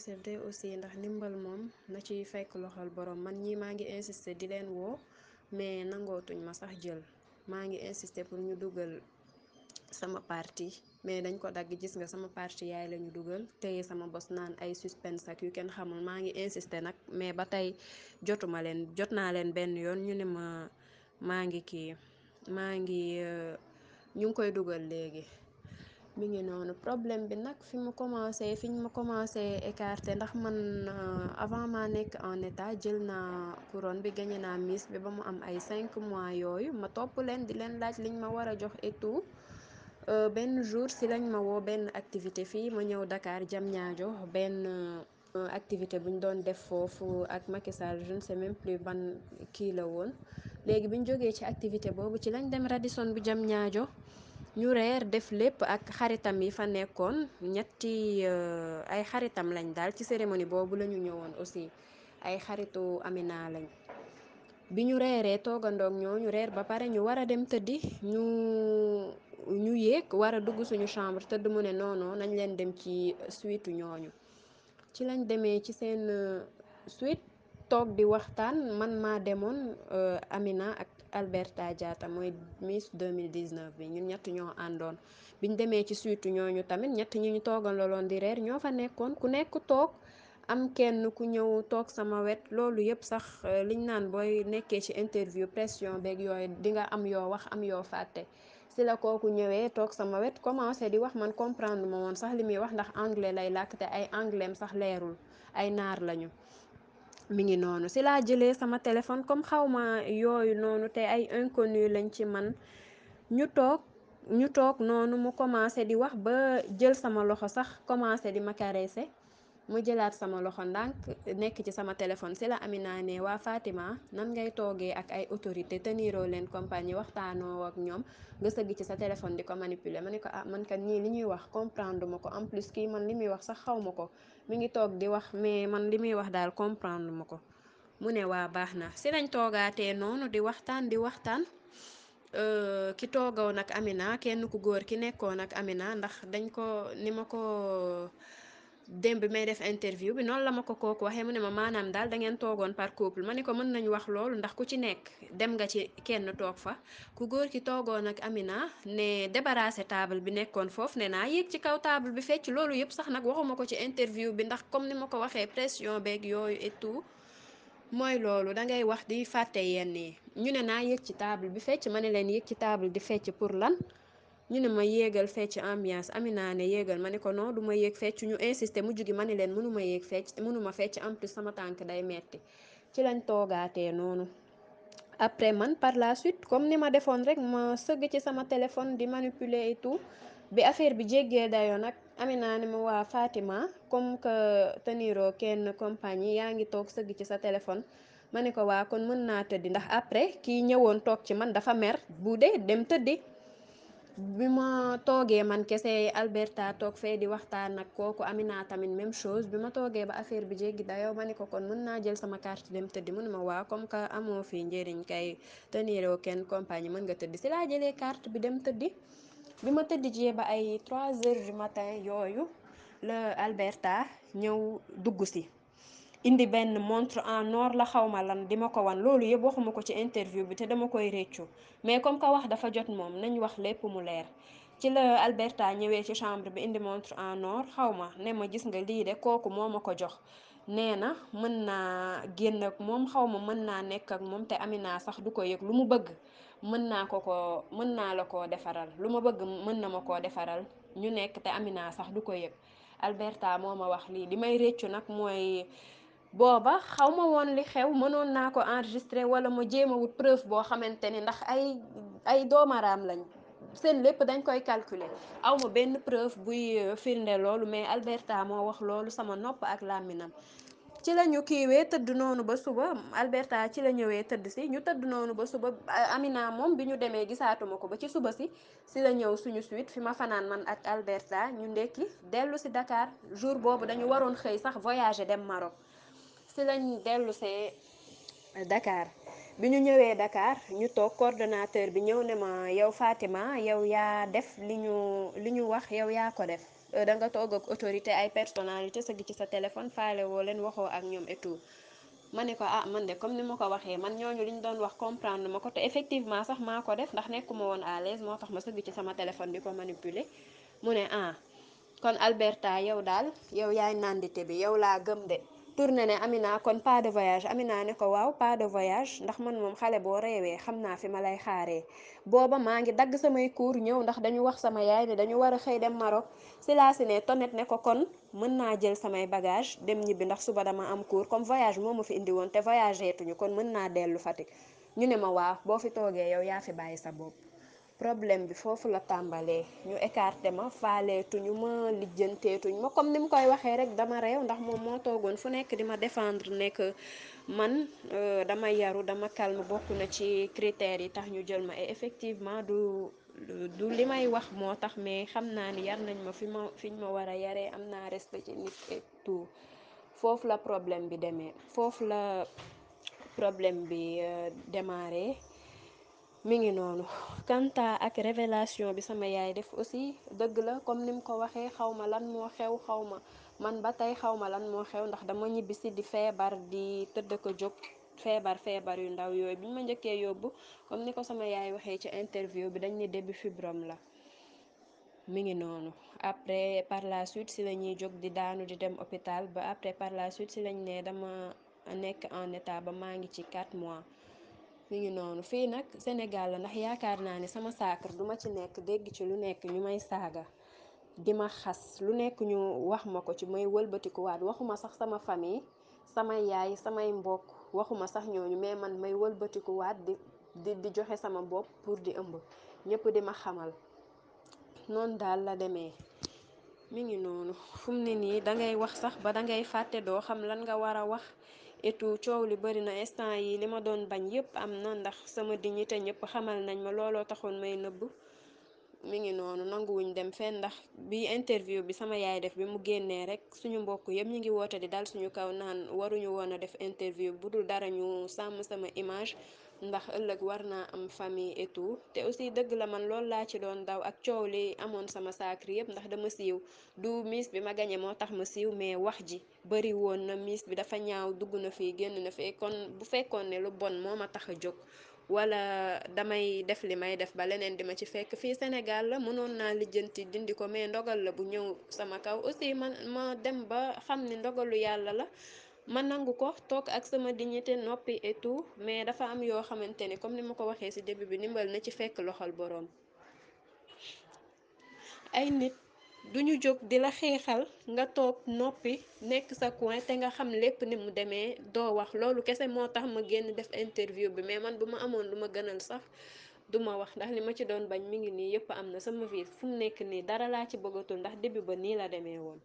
SFD aussi ndax ndimbal moom na ci fekk loxol boroom man ñii maa ngi insister di leen woo mais nangootuñ ma sax jël maa ngi insister pour ñu dugal sama parti mais dañ ko dagg gis nga sama parti yaay la ñu dugal téye sama bos naan ay suspense ak yu kenn xamul maa ngi insister nag mais ba tey jotuma leen jot naa leen benn yoon ñu ne ma maa ngi kii maa ngi euh, ñu ngi koy dugal léegi mi ngi noonu problème bi nag fi mu commencé fi ñu ma commencé écarté ndax man euh, avant maa nekk en état jël na couronne bi gagné naa miss bi ba mu am ay 5 mois yooyu ma topp leen di leen laaj liñ ma war a jox et tout euh, benn jour si lañ ma woo benn activité fii ma ñëw Dakar jam ñaajo benn euh, activité bu doon def foofu ak Macky Sall je ne plus ban kii la woon léegi bi ñu jógee ci activité boobu ci lañ dem Radisson bu jam ñaajo ñu reer def lépp ak xaritam yi fa nekkoon ñetti euh, ay xaritam lañ daal ci cérémonie boobu la ñu ñëwoon aussi ay xaritu Amina lañ bi ñu reeree toogandoog ñooñu reer ba pare ñu war a dem tëddi ñu ñu yéeg war a dugg suñu chambre tëdd mu ne noonu nañ leen dem ci suite ñooñu ci lañ demee ci seen euh, suite toog di waxtaan man ma demoon euh, Amina ak Alberta Diatta mooy Miss 2019 bi ñun ñett ñoo àndoon bi ñu demee ci surtout ñooñu tamit ñett ñi ñu toogal looloon di reer ñoo fa nekkoon ku nekk toog am kenn ku ñëw toog sama wet loolu yëpp sax euh, liñ naan booy nekkee ci interview pression beeg yooyu di nga am yoo wax am yoo fàtte si la kooku ñëwee toog sama wet commencé di wax man comprendre ma woon sax li muy wax ndax anglais lay làkk te ay anglais am sax leerul ay naar lañu mi ngi noonu si laa jëlee sama téléphone comme xawma yooyu noonu te ay inconnu lañ ci man ñu toog ñu toog noonu mu commencé di wax ba jël sama loxo sax commencé di ma caresser mu jëlaat sama loxo ndànk nekk ci sama téléphone si la naa ne waa faatiment nan ngay toogee ak ay autorité te niiroo leen compagnie waxtaanoo ak ñoom nga sëgg ci sa téléphone di ko manipuler ma ne ko ah man kat li ñuy wax comprendre ma ko en plus kii man li muy wax sax xaw ko mi ngi toog di wax mais man li muy wax daal comprendre ma ko mu ne waa baax na si lañ toogaatee noonu di waxtaan di waxtaan. Uh, ki toogoon ak naa kenn ku góor ki nekkoon ak naa ndax dañ ko ni ma ko démb bi may def interview bi noonu la ma ko kooku waxee mu ne ma maanaam daal dangeen ngeen par couple ma ne ko mën nañu wax loolu ndax ku ci nekk dem nga ci kenn toog fa ku góor ki toogoon ak Amina ne débarrassé table bi nekkoon foofu ne naa yéeg ci kaw table bi fecc loolu yëpp sax nag waxuma ko ci interview bi ndax comme ni ma ko waxee pression beeg yooyu et tout mooy loolu da ngay wax di fàtte yenn yi ñu ne naa yëg ci table bi fecc ma ne leen yéeg ci table di fecc pour lan ñu ne ma yéegal fecc ambiance Amina ne yéegal ma ne ko no du ma yéeg fecc ñu insisté mu jugi ma ne leen mënuma ma yéeg fecc mënu fecc en sama tànk day metti ci lañ toogaatee noonu après man par la suite comme ni ma defoon rek ma sëgg ci sama téléphone di manipuler et tout bi affaire bi jéggee dayoo nag Amina ne ma waa faatiment comme que teniroo kenn compagnie yaa ngi toog sëgg ci sa téléphone ma ne ko waa kon mën naa tëddi ndax après kii ñëwoon toog ci man dafa mer bu dee dem tëddi bi ma toogee man kese Alberta toog fee di waxtaan nag kooku Amina tamit même chose bi ma toogee ba affaire bi jéggi dayoo ma ne ko kon mën naa jël sama carte dem tëdd mu ne ma waa comme que amoo fi njëriñ kay teniroo kenn compagnie mën nga tëdd si laa jëlee carte bi dem tëddi bi ma tëdd jee ba ay trois heures du matin yooyu la Alberta ñëw dugg si. indi benn montre en or la xawma lan di ma ko wan loolu yëpp waxuma ko ci interview bi te dama koy réccu mais comme que wax dafa jot moom nañ wax lépp mu leer ci la Alberta ñëwee ci chambre bi indi montre en or xawma ne ma gis nga lii de kooku moo ma ko jox nee na mën naa génn ak moom xawma mën naa nekk ak moom te Amina sax du ko yëg lu mu bëgg mën naa ko ko mën naa la koo defaral lu ma bëgg mën na ma koo defaral ñu nekk te Amina sax du ko yëg ma wax lii li may réccu nag mooy booba xaw ma woon li xew mënoon naa ko enregistré wala ma jéem a wut preuve boo xamante ni ndax ay ay doomaraam lañ seen lépp dañ koy calculer aw ma benn preuve buy euh, firnde loolu mais Alberta moo wax loolu sama nopp ak làmminam ci la ñu kiiwee tëdd noonu ba suba Alberta ci la ñëwee tëdd si ñu tëdd noonu ba suba euh, Amina moom bi ñu demee gisaatuma ko ba ci suba si si la ñëw suñu suite fi ma fanaan man ak Alberta ñu ndekki dellu si Dakar jour boobu dañu waroon xëy sax voyager dem Maroc si lañ dellu see Dakar bi ñu ñëwee dakaar ñu toog coordonnateur bi ñëw ne ma yow Fatima yow yaa def li ñu li ñu wax yow yaa ko def euh, da nga toog ak autorité ay personnalité sëgg ci sa téléphone faale woo leen waxoo ak ñoom et ma ne ko ah man de comme ni ma ko waxee man ñooñu li ñu doon wax comprendre ma ko te effectivement sax maa ko def ndax nekkuma woon à moo tax ma sëgg ci sama téléphone di ko manipuler mu ne ah kon Alberta yow daal yow yaay nandite bi yow laa gëm de tourné ne Amina kon pas de voyage Amina ne ko waaw pas de voyage ndax man moom xale boo reewee xam naa fi ma lay xaaree booba maa ngi dagg samay cours ñëw ndax dañu wax sama yaay ne dañu war a xëy dem Maroc si laa si ne Tonette ne ko kon mën naa jël samay bagage dem ñibbi ndax suba dama am cours comme voyage moo ma fi indi woon te voyagé tuñu kon mën naa dellu Fatick ñu ne ma waaw boo fi toogee yow yaa fi bàyyi sa bopp problème bi foofu la tàmbalee ñu écarté ma faaleetuñu ma lijjanteetuñ ma comme ni mu koy waxee rek dama réew ndax moom moo toogoon fu nekk di ma défendre nekk man euh, dama yaru dama calme bokk na ci critères yi tax ñu jël ma et effectivement du du li may wax moo tax mais xam naa ni yar nañ ma fi ma fiñ ma war a yaree am naa respect ci nit et foofu la problème bi demee foofu la problème bi euh, démarré mi ngi noonu quant ak révélation bi sama yaay def aussi dëgg la comme ni mu ko waxee xaw ma lan moo xew xaw ma man ba tey xaw ma lan moo xew ndax dama ñibbisi di feebar di tëdd ko jóg feebar feebar yu ndaw yooyu bi ma njëkkee yóbbu comme ni ko sama yaay waxee ci interview bi dañ ne début fibrome la mu ngi noonu après par la suite si la ñuy jóg di daanu di dem hôpital ba après par la suite si lañ ne dama nekk en état ba maa ngi ci 4 mois mi ngi noonu fii nag Sénégal la ndax yaakaar naa ne sama saakar duma ci nekk dégg ci lu nekk ñu may saaga di ma xas lu nekk ñu wax ma ko ci may wëlbatikuwaat waat waxuma sax sama famille sama yaay samay mbokk waxuma sax ñooñu mais man may wëlbatiku waat di di joxe sama bopp pour di ëmb ñëpp di ma xamal noonu daal la demee mi ngi noonu fu mu nii dangay wax sax ba dangay fàtte doo xam lan nga war a wax et coow li bëri na instant yi li ma doon bañ yépp am na ndax sama dignité ñëpp xamal nañ ma looloo taxoon may nëbb mu ngi noonu nanguwuñ dem fenn ndax bi interview bi sama yaay def bi mu génnee rek suñu mbokk yëpp ñu ngi woote di dal suñu kaw naan waruñu woon a def interview bu dul dara ñu sàmm sama image ndax ëllëg war naa am famille et te aussi dëgg la man loolu laa ci doon daw ak coow li amoon sama saakri yëpp ndax dama siiw du miis bi ma gañe moo tax ma siiw mais wax ji bëri woon na miis bi dafa ñaaw dugg na fii génn na fii kon bu fekkoon ne lu bon moo ma tax a jóg wala damay def li may def ba leneen di ma ci fekk fii Sénégal la mënoon naa lijjanti dindi ko mais ndogal la bu ñëw sama kaw aussi man ma dem ba xam ni ndogalu yàlla la ma nangu ko toog ak sama dignité noppi et tout mais dafa am yoo xamante ni comme ni ma ko waxee ci début bi ndimbal na ci fekk loxol boroom ay nit duñu jóg di la xeexal nga toog noppi nekk sa coin te nga xam lépp ni mu demee doo wax loolu kese moo tax ma génn def interview bi mais man bu ma amoon lu ma gënal sax duma wax ndax li ma ci doon bañ mi ngi nii yëpp am na sama vie fu mu nekk nii dara laa ci bëggatul ndax début ba nii la demee woon